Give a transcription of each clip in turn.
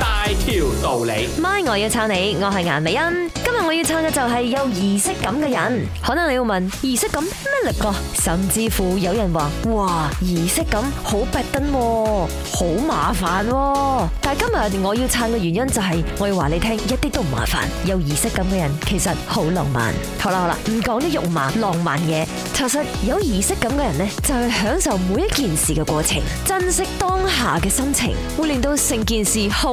大條道理，咪我要撐你。我係顏美欣，今日我要撐嘅就係有儀式感嘅人。可能你要問儀式感咩嚟個？甚至乎有人話哇，儀式感好劈燈，好麻煩。但係今日我要撐嘅原因就係我要話你聽，一啲都唔麻煩。有儀式感嘅人其實好浪漫。好啦好啦，唔講啲肉麻浪漫嘢。其實有儀式感嘅人呢，就係享受每一件事嘅過程，珍惜當下嘅心情，會令到成件事好。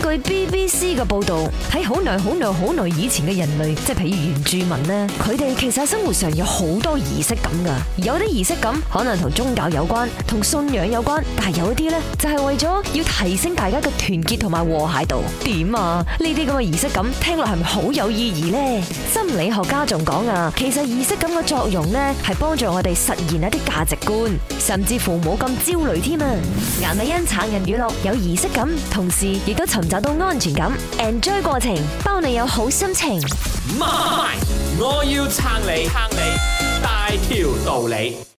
根據 BBC 嘅報道，喺好耐好耐好耐以前嘅人類，即係譬如原住民咧，佢哋其實生活上有好多儀式感噶，有啲儀式感可能同宗教有關，同信仰有關，但係有一啲呢，就係、是、為咗要提升大家嘅團結同埋和諧度。點啊？呢啲咁嘅儀式感聽落係咪好有意義呢？心理學家仲講啊，其實儀式感嘅作用呢，係幫助我哋實現一啲價值觀，甚至乎冇咁焦慮添啊！顏美欣殘人語錄有儀式感，同時亦都尋。找到安全感，enjoy 過程，包你有好心情。我要撐你，撐你，大條道理。